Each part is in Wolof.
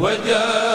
wajaa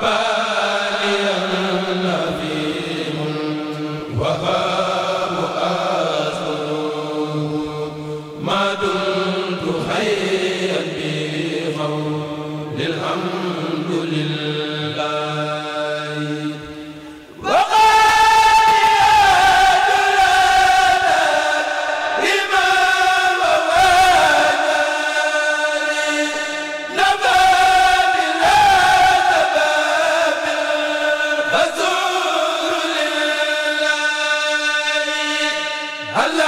ba Allah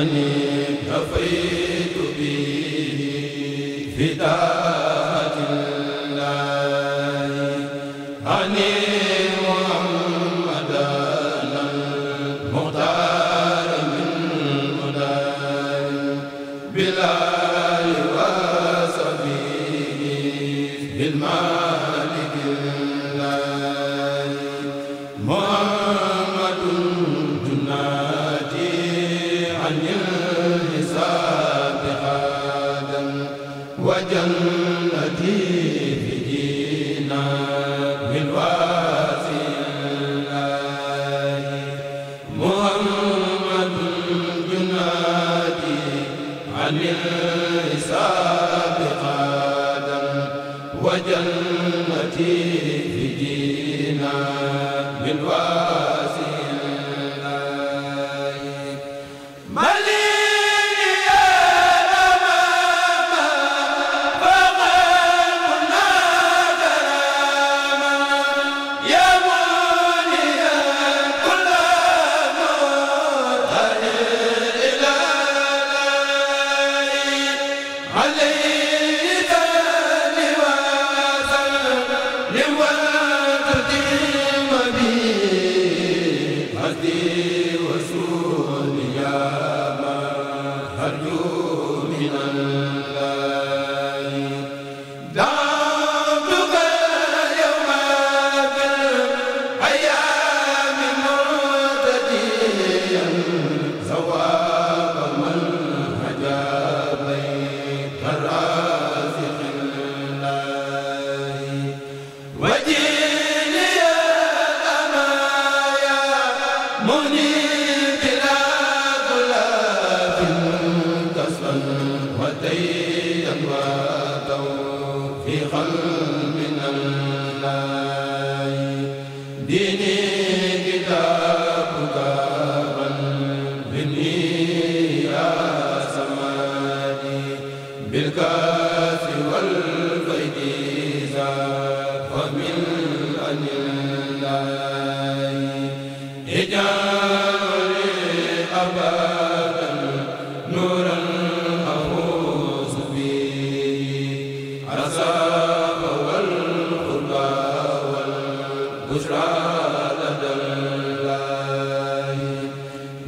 ani kafaytu bi fidaati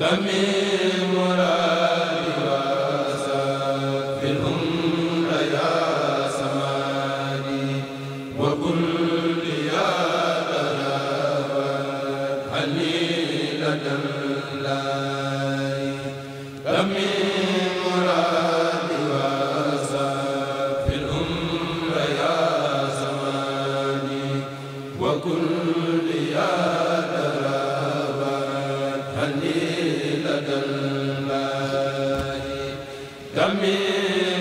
Amin dami